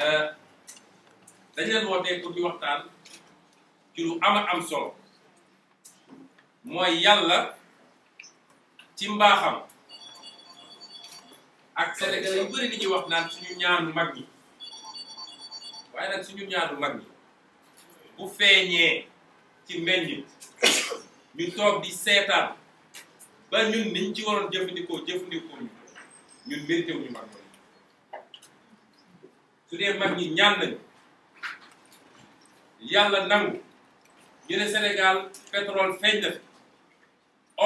Euh, dañ leen wootee pour ñu waxtaan ci lu ama am solo mooy yàlla ci mbaaxam ak Sénégalais yu bëri li ñuy wax naan suñu ñaanu mag ñi waaye nag suñu ñaanu mag ñi bu feeñee ci meññ ñu toog di seetaan ba ñun niñ ci waroon jëfandikoo jëfandikoo ñu ñun mérité wuñu mag su dee mag ñi ñaan yàlla nangu ñu ne Sénégal pétrole feeñ na fi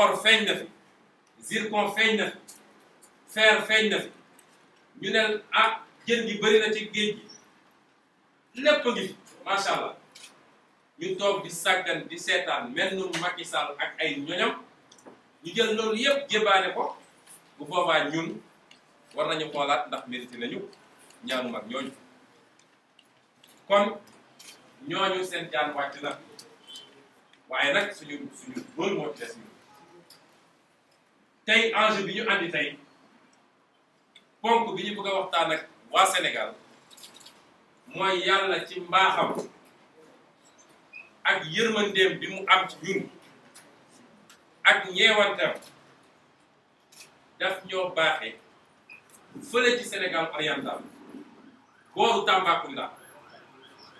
or feeñ na fi zircon feeñ na fi fer feeñ na fi ñu ne ah jën gi bëri ci géej gi lépp ngi fi allah ñu toog di sàggan di seetaan mel nu Macky Sall ak ay ñoñam ñu jël loolu yépp jébaane ko bu boobaa ñun war nañu xoolaat ndax mérité nañu ñaanu mag ñooñu kon ñooñu seen jaan wàcc na waaye nag suñu suñu rôle moo ci tey enjeu bi ñu andi tey ponk bi ñu bëgg a waxtaan ak waa Sénégal mooy yàlla ci mbaaxam ak yërmandeem bi mu am ci ñun ak ñeewantam daf ñoo baaxee fële ci Sénégal oriental booru Tambacounda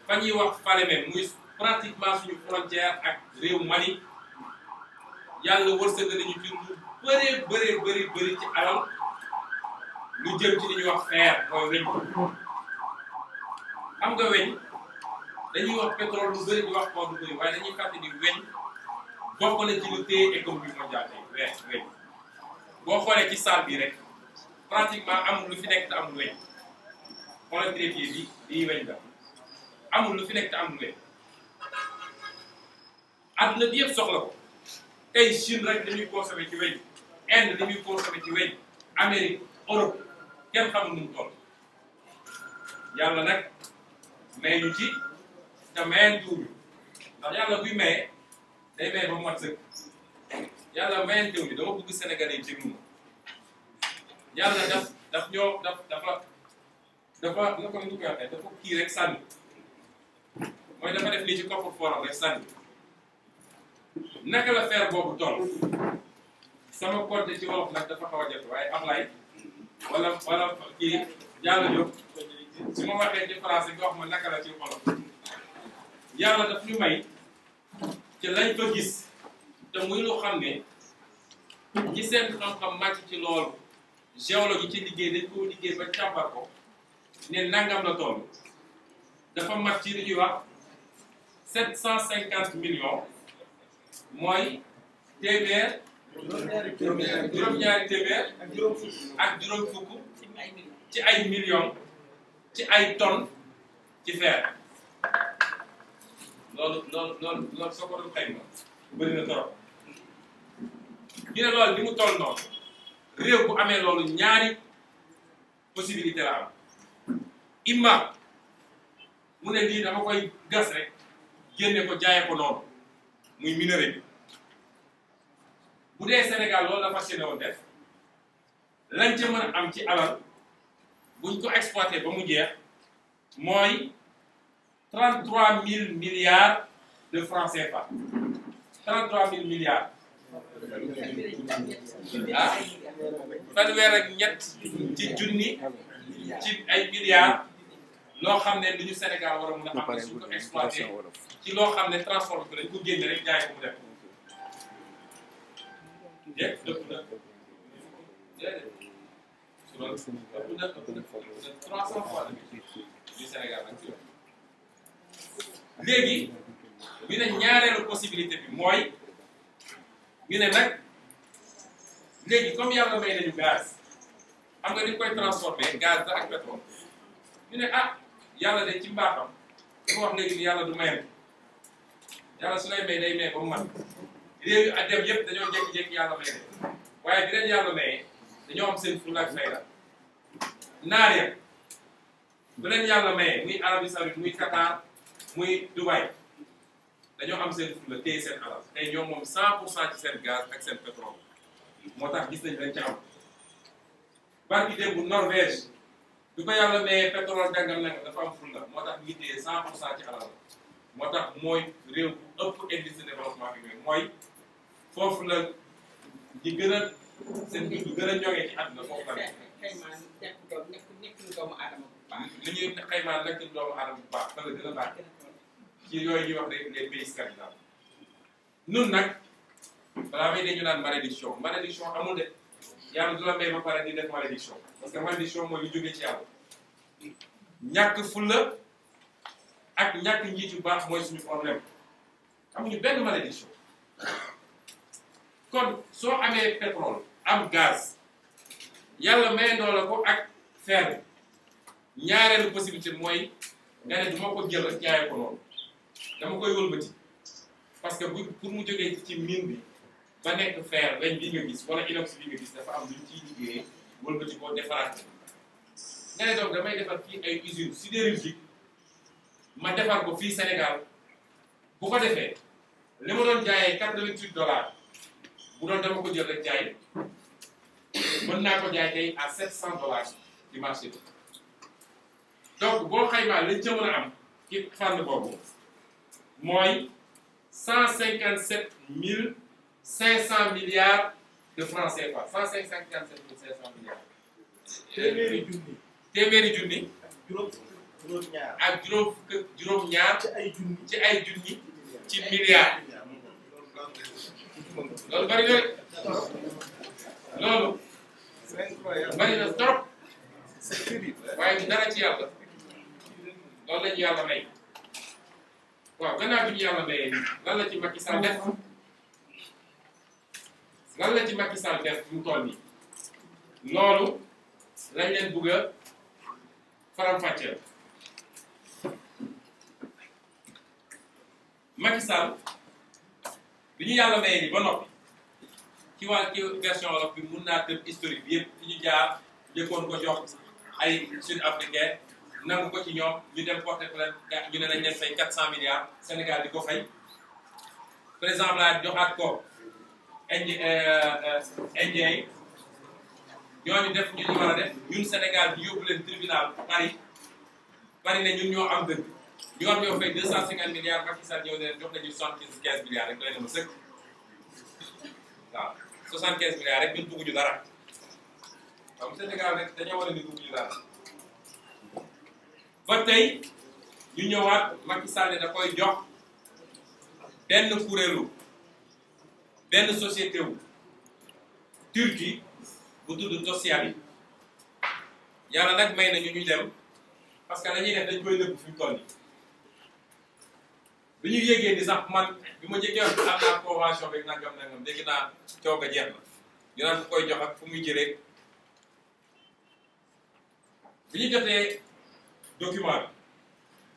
fa ñuy wax Falémé muy pratiquement suñu frontière ak réew Mali yàlla wërsëg nañu fi lu bëree ci alal lu jëm ci li wax fer mooy weñ xam nga weñ dañuy wax pétrole lu bëri di wax koor lu bëri waaye dañuy fàtte ni weñ bokk na ci lu téye économie mondiale weñ weñ boo xoolee ci salle bi rek pratiquement amul lu fi nekk am amul weñ xoolal trépied bi lii weñ la amul lu fi nekk te amul weñ àdduna bi yëpp soxla ko tey Chine rek dañuy consommé ci weñ ci weñ Amérique Europe kenn xamul nu mu toll nag may ñu ci te mayeen tuubi ndax yàlla buy day maye ba mu mat sëkk yàlla mayeen teew dama bëgg Sénégalais yi déglu ma yàlla daf daf ñoo daf dafa dafa naka la ñu koy waxee dafa kii rek sànni mooy dafa def nii ci kopp forom rek sànni naka la faire boobu toll sama côté ci wolof nag dafa xaw a jot waaye Ablaye wala wala kii Diallo Diop su ma waxee ci français nga wax ma naka la ci wolof yàlla daf ñu may ca lañ fa gis te muy lu xam ne ñi seen xam-xam màcc ci loolu géologue yi ci liggéey dañ koo liggéey ba càmbar ko. ne nangam la toll dafa mat ci li ñuy wax cent cinquante millions mooy téeméer. juróom-ñaari téeméer ak juróom fukk ci ay millions ci ay tonnes ci fer loolu loolu loolu soo ko doon xayma bëri na trop ñu ne loolu li mu toll noonu réew bu amee loolu ñaari possibilité la imam mu ne lii dama koy gas rek génne ko jaaye ko noonu muy minerai bu dee Sénégal loolu la fas def lañ ca mën a am ci alal buñ ko exploité ba mu jeex mooy trente trois mille milliards de francs CFA trente trois mille milliards ah ñett ci junni ci ay milliards loo xam ne lu ñu Sénégal war a mun a am suñ ko exploité ci loo xam ne transport bi dañ ko génne rek jaay ko mu def dégg dëpp na déedéet su loolu dëpp na trois cent fois ñu Sénégal ak ci léegi ñu ne ñaareelu possibilité bi mooy ñu ne nag léegi comme yàlla may nañu gaz xam nga ni koy transformé gaz da ak pétrole ñu ne ah yàlla de ci mbaaxam dafa wax léegi ni yàlla du mayal yàlla su lay may day may ba mu mat réew yu dem yëpp dañoo jékki-jékki yàlla may de waaye bi leen yàlla mayee dañoo am seen fulla ak fayda naar ya bu leen yàlla mayee muy Arabie muy Qatar muy Dubaï dañoo am seen fulla téye seen alal tey ñoom moom 100 pour cent ak seen pétrole moo tax gis nañ dañ ca am barki démb Norvège du ko yàlla mais pétrole dangal nag dafa am fulla moo tax ñu téye cent pour cent ci alal la moo tax mooy réew bu ëpp indice de développement bi mooy foofu la ñi gën a seen biir du gën a ñoŋee ci àdduna foofu la nekk. li ñuy xaymaa nekk doomu aadama bu baax fa la gën a baax ci yooyu ñuy wax rek les pays scandinaves nun nag balaa may dañu naan malédiction malédiction amul de yàlla du la may ba pare di def malédiction parce que mandition mooy lu jóge ci yàlla ñàkk fulla ak ñàkk njiit yu baax mooy suñu problème amuñu benn malédiction kon soo amee pétrole am gaz yàlla mayandoo la ko ak fer ñaareelu possibilité mooy nga ne ko jël ak jaayee ko noonu dama koy wëlbati parce que bu pour mu jógee ci mine bi ba nekk fer weñ bi nga gis wala inox bi nga gis dafa am lu ñu ciy liggéeyee wëlbati koo defaraat nga defar fii ay usine sidérurgique ma defar ko fii Sénégal bu ko defee li ma doon jaayee quatre-vingt-huit dollars bu doon dama ko jël rek jaay mën naa ko jaay tey à sept cent dollars ci marché bi donc boo xaymaa lañ ca mën a am ci fànn boobu mooy cent cinquante sept mille cinq cent milliards de francs junni. ak juróom juróom ñaar. ci ay junni ci ay loolu bari na loolu. bari na trop. waaye dara ci yàlla. loolu la yàlla may. waaw gannaaw bi yàlla mayee lan ci Macky Sall def. lan la ci Macky Sall def mu toll nii loolu lañ leen bëgg a faram-fàcceel bi ñu yàlla mayee ni ba noppi ci wàll ci version wolof bi mun naa tëb historique yëpp fi ñu jaar jëkkoon ko jox ay sud africain nangu ko ci ñoom ñu dem porté plainte ñu ne nañ leen fay 400 milliards Sénégal di ko fay par exemple a joxaat ko indien yi ñooñu def ñu ñu war a def ñun Sénégal ñu yóbbu leen tribunal Paris Paris ne ñun ñoo am dëgg ñu am ñoo fay deux cent cinquante milliards Macky Sall ñëw ne leen jox nañu soixante quinze quinze milliards rek doy na sëkk waaw soixante milliards rek ñun bëgguñu dara waaw Sénégal rek dañoo war a ni bëgguñu dara ba tey ñu ñëwaat Macky Sall da koy jox benn kuréelu benn société wu Turquie bu tudd Tosyabi yàlla nag may nañu ñu dem parce que dañuy def dañ koy nëbb fi mu toll nii bi ñu yégee ni sax man bi ma njëkkee am naa convention na nangam nangam dégg naa coow ga jeex na ñu naan fu koy jox fu muy jëlee bi ñu jotee document bi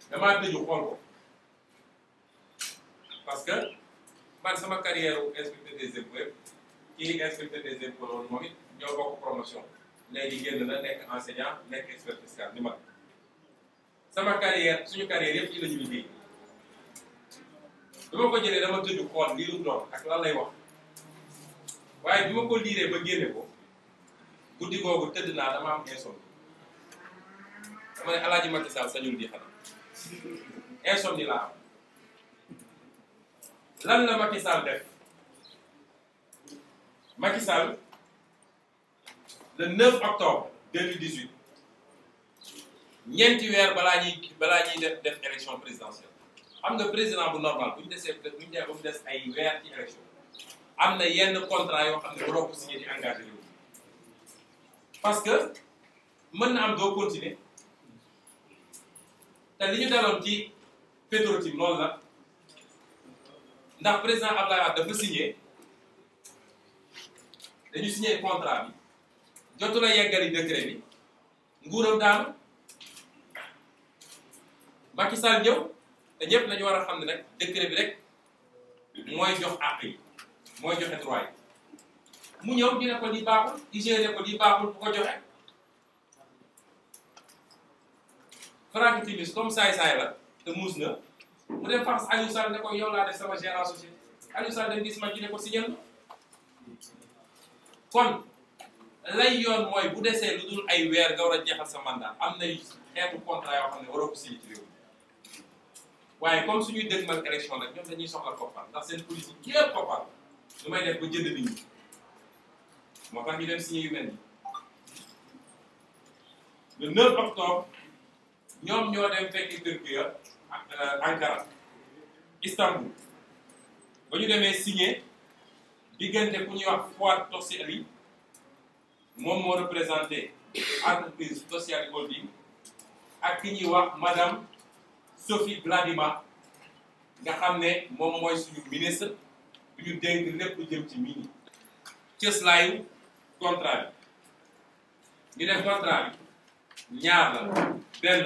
damaa tëju xool ko parce man sama carrière wu inspecteur des impôts kii inspecteur des impôts loolu moom it ñoo bokk promotion léegi génn na nekk enseignant nekk expert fiscal ni mag sama carrière suñu carrière yëpp ci la ñu liggéey bi ma ko jëlee dama tëdd xool lii lu doon ak lan wax waaye bi ma ko liiree ba génne ko guddi googu tëdd naa dama am insomnie dama ne alaaji Macky Sall sañul di xanaa insomnie laa am lan la Macky Sall def Macky Sall le 9 octobre 2018 ñeenti weer balaa ñuy balaa ñuy def def élection présidentielle xam nga président bu normal bu ñu desee bu ñu des ay weer ci élection am na yenn contrat yoo xam ne waroo ko signé di engagé parce que mën na am doo continuer te li ñu daloon ci Petro-Tim la. ndax président Abdoulaye Wade dafa signé dañu signé contrat bi jotul a yeggali décret bi nguuram daanu Macky ñëw te ñëpp nañu war a xam ne nag décret bi rek mooy jox àq yi mooy joxe droit mu ñëw ñu ne ko lii baaxul IGE ko lii baaxul bu ko joxe Franck Timis comme saay-saay la te muus na mu dem fax Aliou Sall ne ko yow laa def sama gérant société Aliou Sall dem gis Macky ne ko signal ma kon lay yoon mooy bu desee lu dul ay weer nga war a jeexal sa mandat am na xeetu contrat yoo xam ne waroo ko signé ci réew waaye comme suñuy dëgmal élection nag ñoom dañuy soxla koppar ndax seen politique yëpp koppar lu may def ba jënd nit ñi moo tax ñu dem si yu mel ni le 9 octobre ñoom ñoo dem fekki Turquie Euh, Ankara Istanbul ba ñu signer. signé diggante ku ñuy wax Fuat Toseli moom moo représenté entreprise sociale holding ak ki wax madame Sophie Gladima nga xam ne moom mooy suñu ministre bi ñu dénk lépp lu jëm ci mini cëslaayu contrat bi ñu def contrat bi ñaar la benn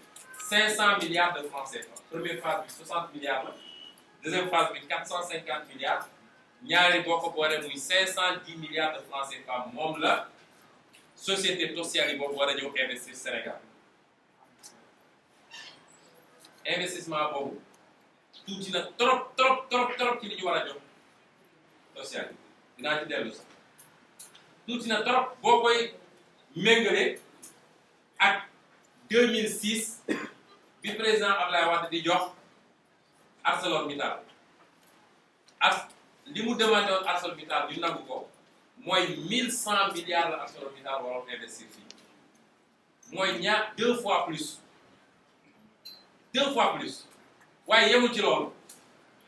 500 milliards de francs CFA première phase 60 milliards deuxième phase 450 milliards ñaari Boko 510 milliards de francs CFA Mom la société sociale yi boobu war Sénégal investissement à tuuti na trop trop trop trop qu'il li a jox social yi ci sax trop 2006. bi président Ablaye Wade di jox ArcelorMittal ak li mu demandé woon ArcelorMittal ko mooy mille cent milliards la ArcelorMittal waroon investir fii mooy ñaar deux fois plus deux fois plus waaye yemul ci loolu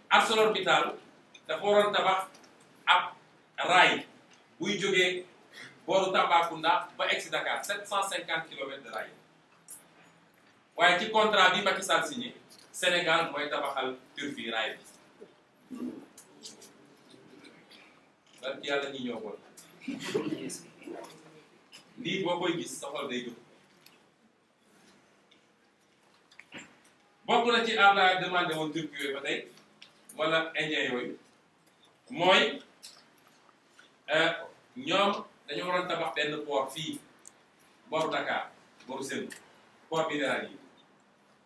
ArcelorMittal dafa waroon tabax ab raay buy jógee booru Tambacounda ba egsi Dakar sept cent cinquante kilomètres de rail waaye ci contra bi Macky Sall signé Sénégal mooy tabaxal Turquie raay bi yàlla ñuy ñëw woon lii boo koy gis sa xol day jóg bokk na ci Ablaye demandé woon Turquie yooyu ba tey wala indien yooyu mooy euh, ñoom dañu waroon tabax benn port fii boru Dakar boru Sène port bi yi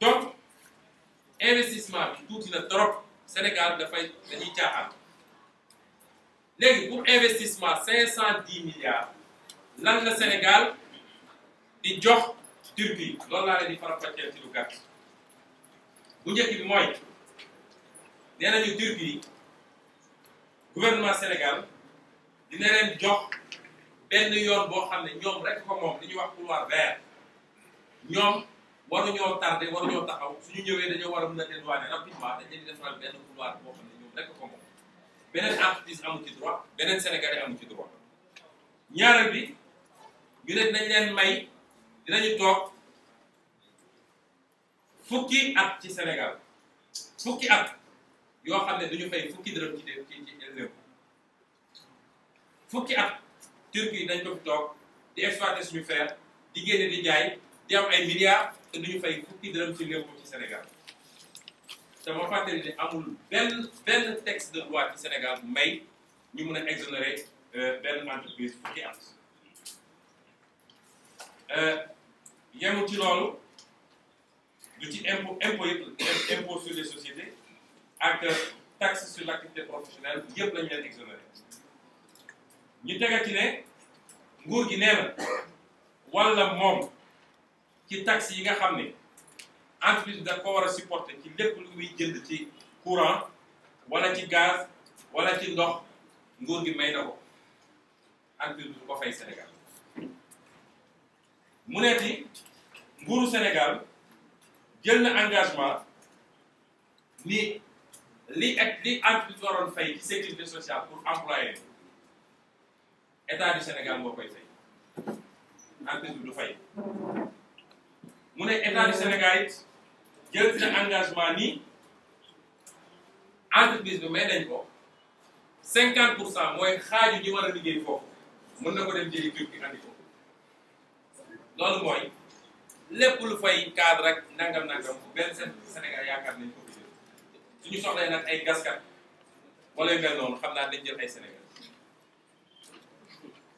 donc investissement bi tuuti na trop Sénégal dafay dañuy caaxaan léegi pour investissement milliards lan la Sénégal di jox Turquie loolu laa leen di faram-fàcceel ci lu gàtt bu njëkk bi mooy nee nañu Turquie gouvernement Sénégal dina leen jox benn yoon boo xam ne ñoom rek ko moom li ñuy wax couloir vert ñoom. waruñoo tardé waruñoo taxaw suñu ñëwee dañoo war a mën a dédouaner rapidement dañ leen di defaral benn couloir boo xam ko moom beneen entreprise amu ci droit beneen sénégalais amu ci droit ñaareel bi ñu ne dinañ leen may dinañu toog fukki at ci Sénégal fukki at yoo xam ne duñu fay fukki dërëm ci dé ci ci élew fukki at turki dañ ko fi toog di exploiter suñu fer di génne di jaay di am ay milliards te duñu fay fukki dërëm ci réew ci Sénégal te ma fàttali ne amul benn benn texte de loi ci Sénégal bu may ñu mën a exonérer euh, benn entreprise fukki at euh, yemul ci loolu lu ci impôt impôt impôt sur les sociétés ak taxe sur l' activité professionnelle yëpp lañu leen exonérer. ñu tega ci ne nguur gi nee na walla moom ci taxes yi nga xam ni entreprise da ko war a supporter ci lépp lu muy jënd ci courant wala ci gaz walla ci ndox nguur gi may na ko entreprise du ko fay Sénégal mu neeti nguuru Sénégal jël na engagement ni li ak li entreprise waroon fay ci sécurité sociale pour employé état du Sénégal moo koy fay entreprise du fay mu ne état du Sénégal it jël na engagement ni entreprise bi may nañ ko 50 pour cent mooy xaaju ñi war a liggéey foofu mën na ko dem jëli jur gi andi ko loolu mooy lépp lu fay cadre ak nangam-nangam benn seen Sénégal yaakaar nañ ko fi suñu soxlee nag ay gaskat wala yu mel noonu xam naa dañ jël ay Sénégal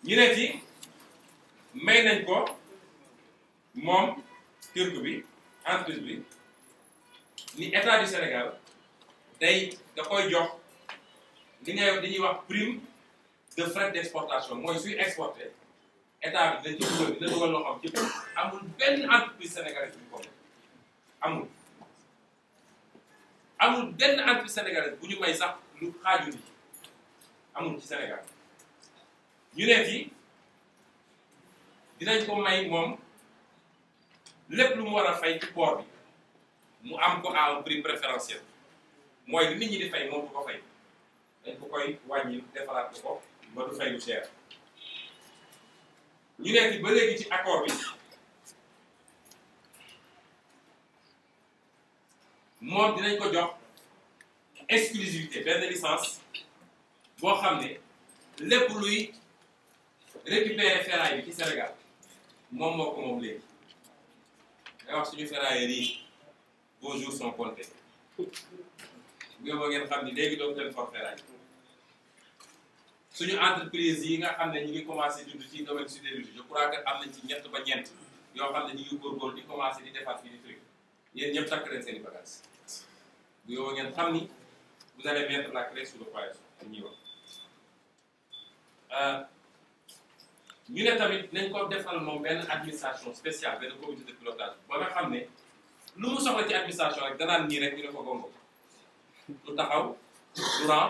ñu ne ci may nañ ko moom. turc bi entreprise bi ni état du Sénégal day da koy jox li ngay dañuy wax prime de frais d' exportation mooy suy exporté état bi dugal dina ci amul benn entreprise sénégalaise bu ñu ko amul amul benn entreprise sénégalaise bu ñu may sax lu xaaju ni amul ci Sénégal ñu ne fii dinañ ko may moom lépp lu mu war a fay ci port bi mu am ko à un prix préférentiel mooy li nit ñi di fay moom du ko fay dañ ko koy wàññil defalaat ko ko ba du fay lu cher ñu nekk ba léegi ci accord bi moom dinañ ko jox exclusivité benn licence boo xam ne lépp luy récupérer ferraille bi ci Sénégal moom moo ko moom léegi te wax suñu ferrailleurs yi vos jours sont comptés boobu ngeen xam ni léegi dootu leen for suñu entreprise yi nga xam ne ñu ngi commencé dund ci domaine sidérurgie am nañ ci ñett ba ñeent yoo xam ne ñu ngi góorgóorlu di commencé di defar fii di truc yéen ñëpp seen i bagages bu yowoo ngeen xam ni vous allez mettre la clé sous le poêle ñuy wax. Euh, ñu ne tamit nañ koo defal moom benn administration spéciale benn comité de pilotage ba nga xam ne lu mu soxla ci administration rek danaan nii rek ñu ne ko gongo lu taxaw durant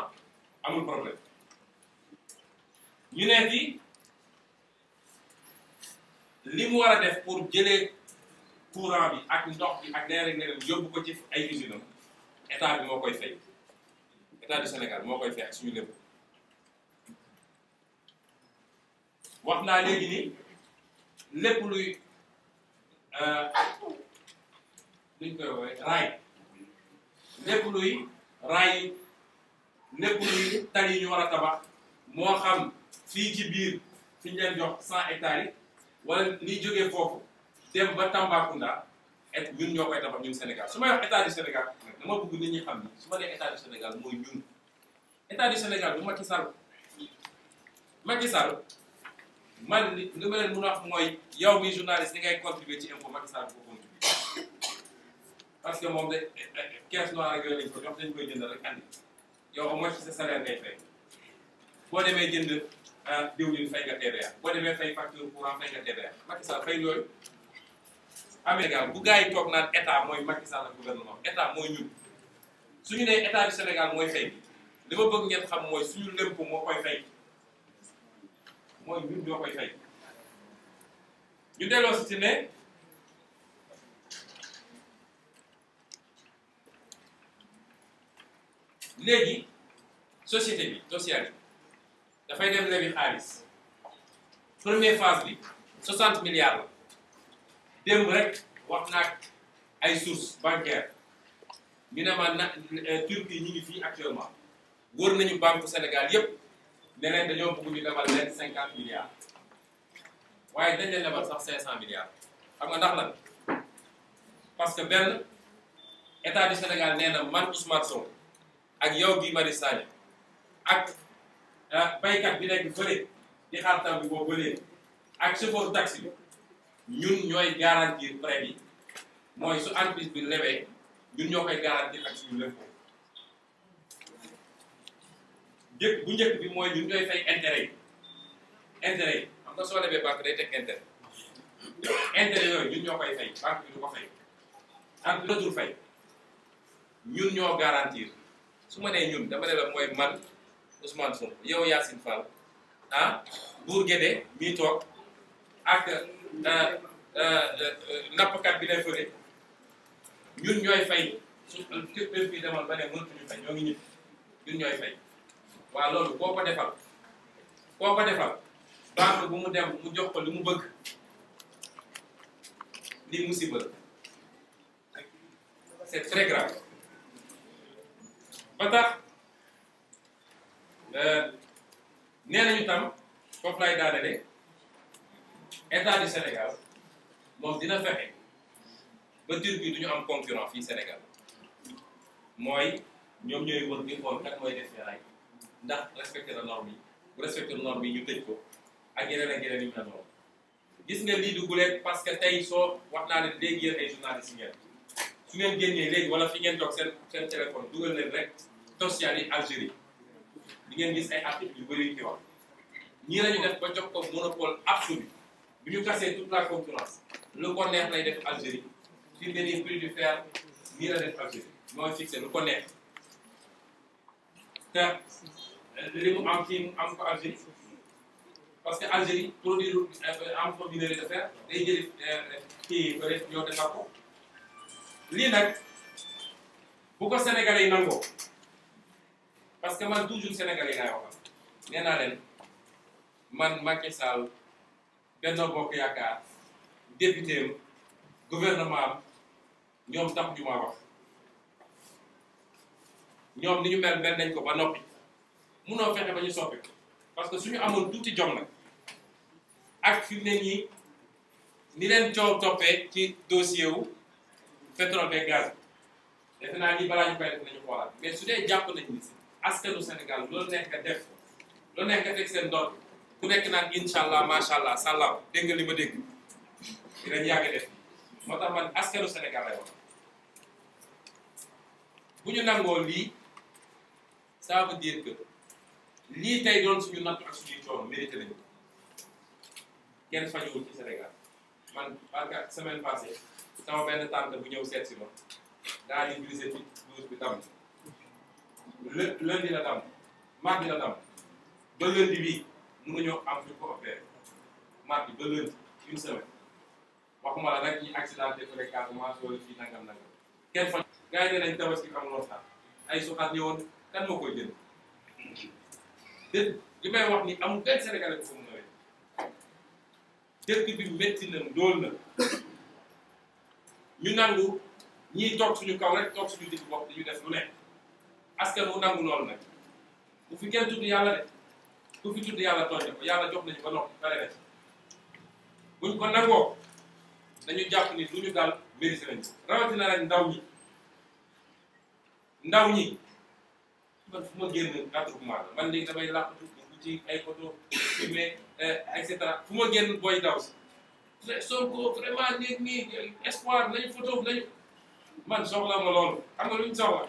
amul problème ñu ne fi li mu war def pour jële courant bi ak ndox bi ak leneen ak leneen yóbbu ko ci ay usine am état bi moo koy fay état du Sénégal moo koy fay ak suñu lépp wax naa léegi ni lépp luy euh, luñ koy woowee raay lépp luy raay lépp luy xam fii ci biir fi ñu leen jox cent hectares yi wala foofu dem ba Tambacounda et ñun ñoo koy tabax ñun Sénégal su may wax état du Sénégal dama bëgg nit ñi xam ni su ma nee état du Sénégal mooy ñun état du man li li ma leen mën a mooy yow mi journaliste li ngay contribuer ci info Macky Sall ko contribuer parce que moom de caisse noire ak yooyu lañ ko jox dañ koy jënd rek andi yow au moins sa salaire ngay fay boo demee jënd ah, diwlin fay nga TVA boo demee fay facture courant fay nga TVA Macky Sall fay loolu Amérique bu gars yi toog naan état mooy Macky Sall ak gouvernement état mooy ñun suñu nee état du Sénégal mooy fay li ma bëgg ngeen xam mooy suñu lépp moo koy fay mooy Je ñoo koy fay ñu delloo si ci ne société sociale première phase 60 milliards la rek wax ay bancaires ñu ma euh, Turquie actuellement nañu banque Sénégal ne leen dañoo bëgg ñu lebal leen 50 milliards waaye dañ leen lebal sax 500 milliards xam nga ndax lan parce que benn état du Sénégal nee na man Ousmane sow ak yow Guy mari Sagna ak ah, baykat bi nekk fële di xaar taw bi boobu ba ak chauffeur taxi bi ñun ñooy garantir prêt bi mooy su entreprise bi lebee ñun ñoo koy garantir ak suñu lépp. njëkk bu njëkk bi mooy ñun ñooy fay intérêt yi intérêt yi xam nga soo demee banque day teg intérêt intérêt yooyu ñun ñoo koy fay banque bi du ko fay banque bi dootul fay ñun ñoo garantir su ma nee ñun dama ne la mooy man Ousmane Sonko yow Yacine Fall ah Bour Guédé mii toog ak euh, euh, nappkat bi ne fële ñun ñooy fay su euh, képp bi demal ba ne mënatuñu fay ñoo ngi ñëpp ñun ñooy fay waa loolu koo ko defal koo ko defal banque bu mu dem mu jox ko li mu bëgg li musiba c'est très grave ba tax euh, nee nañu tam foofu lay daanale état du Sénégal moom dina fexe ba tur bi du ñu am concurrent fii Sénégal mooy ñoom ñooy wër di xool kat mooy def ay ndax respecté na norme yi bu respecté na norme yi ñu tëj ko ak yeneen ak yeneen yu mel noonu gis nga lii du guleet parce que tey soo wax naa leen léegi yéen ay journalistes yi ngeen su ngeen génnee léegi wala fi ngeen toog seen seen téléphone dugal leen rek social yi Algérie di ngeen gis ay articles yu bëri yu ci wax ñii lañu def ba jox ko monopole absolu bu ñu casser toute la concurrence lu ko neex lay def Algérie fi mu nii prix du fer nii la def Algérie mooy fixé lu ko neex te li mu am fii am ko Algérie parce que Algérie produire am ko minerai de fer day eh, kii ba rek ñoo defar ko lii nag bu ko Sénégalais parce que man toujours Sénégalais yi laay waxal nee naa leen man Macky Sall Benno Bokk Yaakaar député am gouvernement am ñoom tax ni ñu mel mel nañ ko munoo fexe ba ñu soppi parce que suñu amoon tuuti jom nag ak fi ne nii ni leen coow toppee ci dossier wu pétrole beeg gaz bi defe naa ni balaa ñu koy def nañu xoolaat mais su dee jàpp nañu ni si askanu Sénégal loolu nekk def loolu nekk teg seen doot ku nekk naa incha allah macha allah salaam dégg nga li ma dégg dinañ yàgg def moo tax man askanu Sénégal lay wax bu ñu nangoo lii ça veut dire que. lii tey doon suñu natt ak suñuy coono mérité nañu kenn fajuwul ci Sénégal man barka semaine passée sama benn tante bu ñëw seet si ma daa di brisé ci blouse bi dam lundi la dam mardi la dam ba lundi bi mënuñoo am ñu ko opéré mardi ba lundi une semaine waxuma la rek ñi accidenté fréquemment wala fii nangam nangam kenn faj gars yi ne nañ tabaski amul waxtaan ay suxaat ñëwoon kan moo koy li may wax ni am benn Sénégalais bu fa mu nawee dëkk bi métti na na ñu nangu ñiy toog suñu kaw rek toog suñu digg bopp dañu def lu nekk askan wu nangu loolu nag bu fi kenn tudd yàlla de ku fi tudd yàlla tooñ yàlla jox nañu ko nangoo dañu jàpp ni lu ñu daal mérité rawatina rek ndaw ñi ndaw ñi man fu ma génn attroupement la man léegi damay làqatu dugg ci ay photo filmé euh, et cetera fu ma génn booy daw si Sonko vraiment ni ñi espoir nañu photo nañu man soxla ma loolu xam nga lu ñu soxla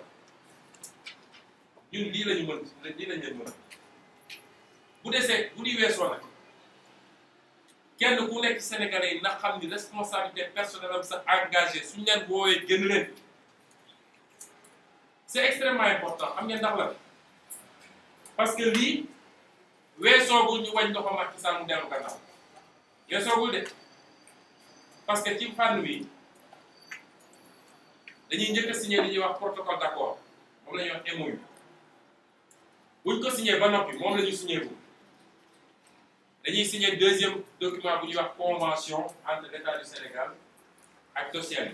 ñun lii lañu mën lii lañ leen mën bu desee bu di weesoo nag kenn ku nekk Sénégalais yi na xam ni responsabilité personnelle am sa engagé suñu leen woowee gën leen c'est extrêmement important am ngeen ndax la parce que lii weesoogul ñu wañ loxo Macky Sall mu dellu gannaaw weesoogul de parce que ci fànn wi dañuy njëkk a signé dañuy wax protocole d'accord moom la ñuy wax MOU buñ ko signé ba noppi moom la ñu signé bu dañuy signé deuxième document bu ñuy wax convention entre l'État du Sénégal ak Toscane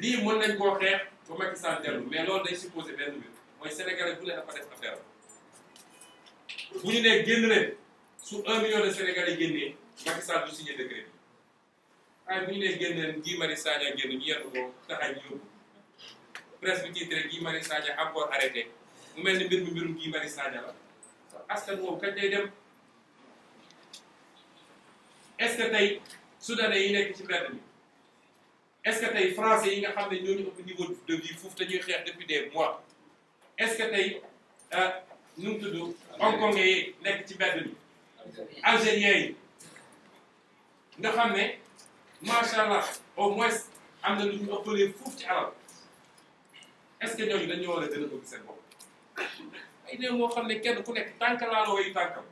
lii mën nañ koo xeex ba Macky Sall dellu mais loolu day supposé benn mooy sénégalais bu ne dafa def affaire bu ñu nee génn leen su un million de sénégalais génnee Macky Sall du signé décret bi waaye bu ñu nee génn leen Guy Marius Sagna génn ñu yettu ko taxañ yóbbu presse bi titre Guy Marius Sagna encore arrêté mu mel ni mbir mi mbirum Guy Marius Sagna la askan boobu kañ lay dem est tey soudanais yi nekk ci benn bi est-ce que tey français yi nga xam ne ñoo ñu ëpp niveau de vie foofu te ñuy xeex depuis des mois est-ce que tey euh, nu mu tudd hongkongais yi nekk ci mbedd bi algériens yi nga xam ne macha allah au moins am na lu ñu ëppalee foofu ci alal est-ce que ñooñu dañoo war a gën a bëgg seen bopp ay néew moo xam ne kenn ku nekk tànk la wayu tànkam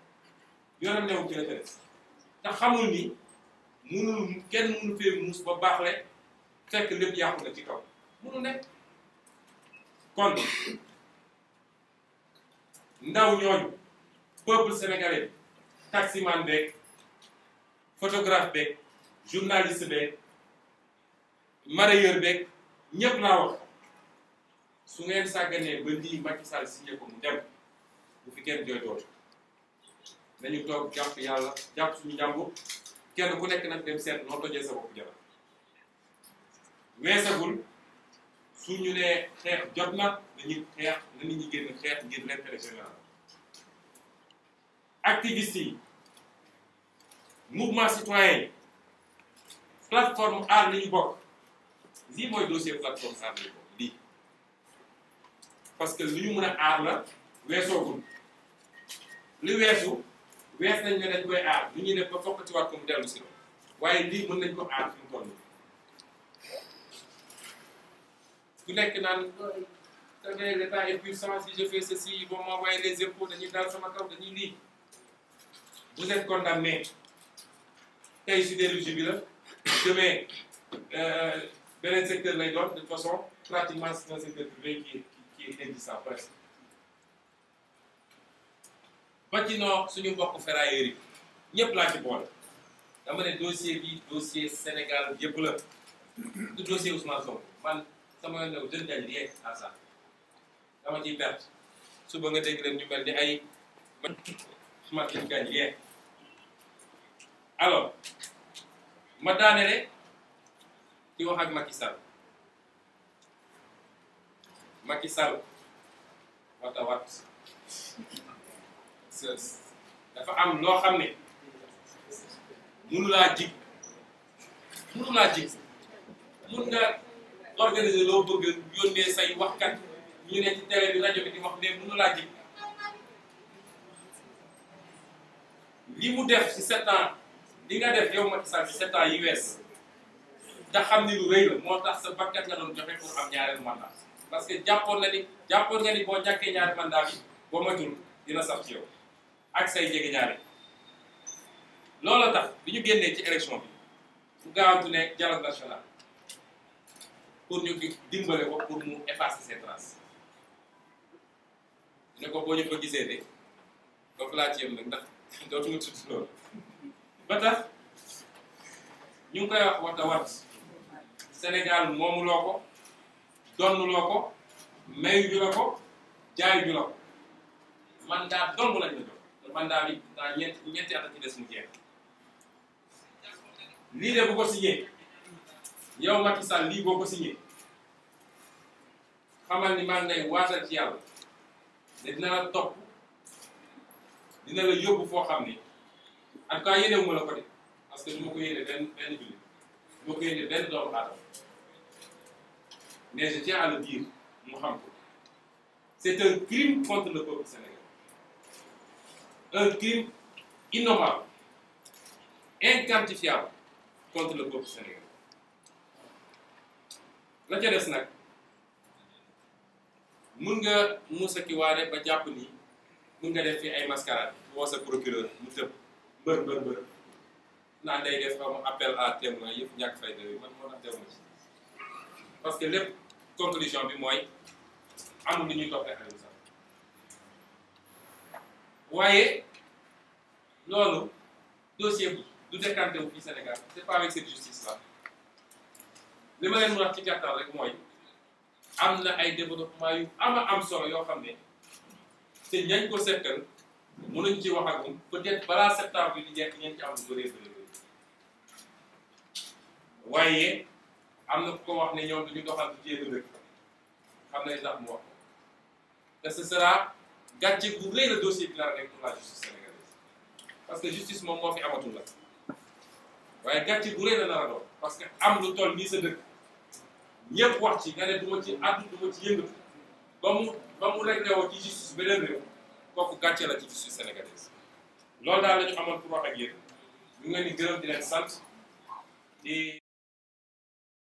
yoonam néew ci la te xamul ni mënul kenn mënu fee mus ba baaxle fekk lépp yàqu na ci kaw munu nekk kon ndaw ñooñu peuple sénégalais taximan beeg photographe beeg journaliste beeg mareyeur beeg ñépp laa wax su ngeen sàgganee ba lii Macky Sall signé ko mu dem bu fi kenn jooy doot nañu toog jàpp yàlla jàpp suñu jàmbur kenn ku nekk na dem seet noo tojee sa bopp jaral weesagul su ñu nee xeex jot na dañuy xeex na nit ñi génn xeex ngir l'intérêt général activistes yi mouvement citoyen yi aar li ñu bokk lii mooy dossier plateforme aar li ñu lii parce que li ñu mën a aar la weesoogul li weesu wees nañ ne dañ koy aar lu ñuy def ba fokkatiwaat ko mu dellu si waaye lii mën nañ ko aar fi mu ku nekk naan l'État est puissant si je fais ceci ils vont m'envoyer les impôts dañuy dal sama kaw dañuy lii vous êtes condamné tey si déluge bi la demain euh, beneen secteur lay doon de toute façon pratiquement c'est un secteur privé qui est qui est indissable presque ba ci noo suñu mbokk ferrailleurs yi ñëpp laa ci boole dama ne dossier bi dossier Sénégal yëpp la du dossier Ousmane Sow man. sama ndaw dëndal di ak asa dama ci perte suba nga dégg leen ñu mel ni ay xamaat yi alors ma wax ak Macky Sall Macky Sall wata wat dafa am loo xam ne mënu jig jig organiser loo bëgg yónnee say waxkat ñu ne ci télé bi rajo bi di wax mais mënu laa jig li mu def ci setan li nga def yow ma Sall ci sept ans yi wees te xam ni lu rëy la moo tax sa bakkat nga doon joxe pour am ñaareelu mandat parce que jàppoon na ni jàppoon nga ni boo jàkkee ñaari mandat bi boo matul dina saf ci yow ak say jege ñaare loola tax bi ñu génnee ci élection bi su gaawantu ne dialogue national pour ñu dimbale ko pour mu effacer ses ne ko boo ñu ko gisee de foofu laa ci yem nag ndax dootuma tudd loolu ba ñu ngi koy wax wat wat Sénégal moomuloo ko donnuloo ko mayu ju ko jaayu ju la ko mandat dong lañ la jox te mandat ñetti ñetti at ci des mu lii de bu ko signé yow Macky Sall lii boo ko signé xamal ni man day waatal ci yàlla ne dina la topp dina la yóbbu foo xam ne en tout cas yéenewu ma la ko de parce que du ma ko yéene benn benn jullit du ma ko yéene benn doomu aadama mais je tiens à le dire mu xam ko c'est un crime contre le peuple sénégal un crime innommable inquantifiable contre le peuple sénégalais la ca des nak mën nga musa ki waré ba japp ni mën nga def fi ay mascarade wo sa procureur mu tëb beur beur beur na day def xaw appel à témoin yëpp ñak fay yi man mo tax témoin parce que lépp conclusion bi moy amul li ñuy topé xale sax wayé lolu dossier bu du décanté au Sénégal c'est pas avec cette justice là li ma leen mën a ci gàttal rek mooy am na ay développement yu ama am solo yoo xam ne te ñañ ko sekkal mënuñ ci wax ak moom peut-être balaa septembre bi di nekk ñeen ci am lu bëree bëri waaye am na ku ko wax ne ñoom duñu doxal ci jéem dëkk xam na tax mu wax te parce que justice moom moo fi amatul la waaye gàcce bu rëy la nar a parce que am lu toll nii sa dëkk ñëpp wax ci nga ne du ci at du ma ci yëngatu ba mu ba mu réglé woo ci justice beneen réew kooku gàcce la ci justice sénégalaise loolu daal la ñu amoon pour wax ak yéen ñu ngi leen di gërëm di leen di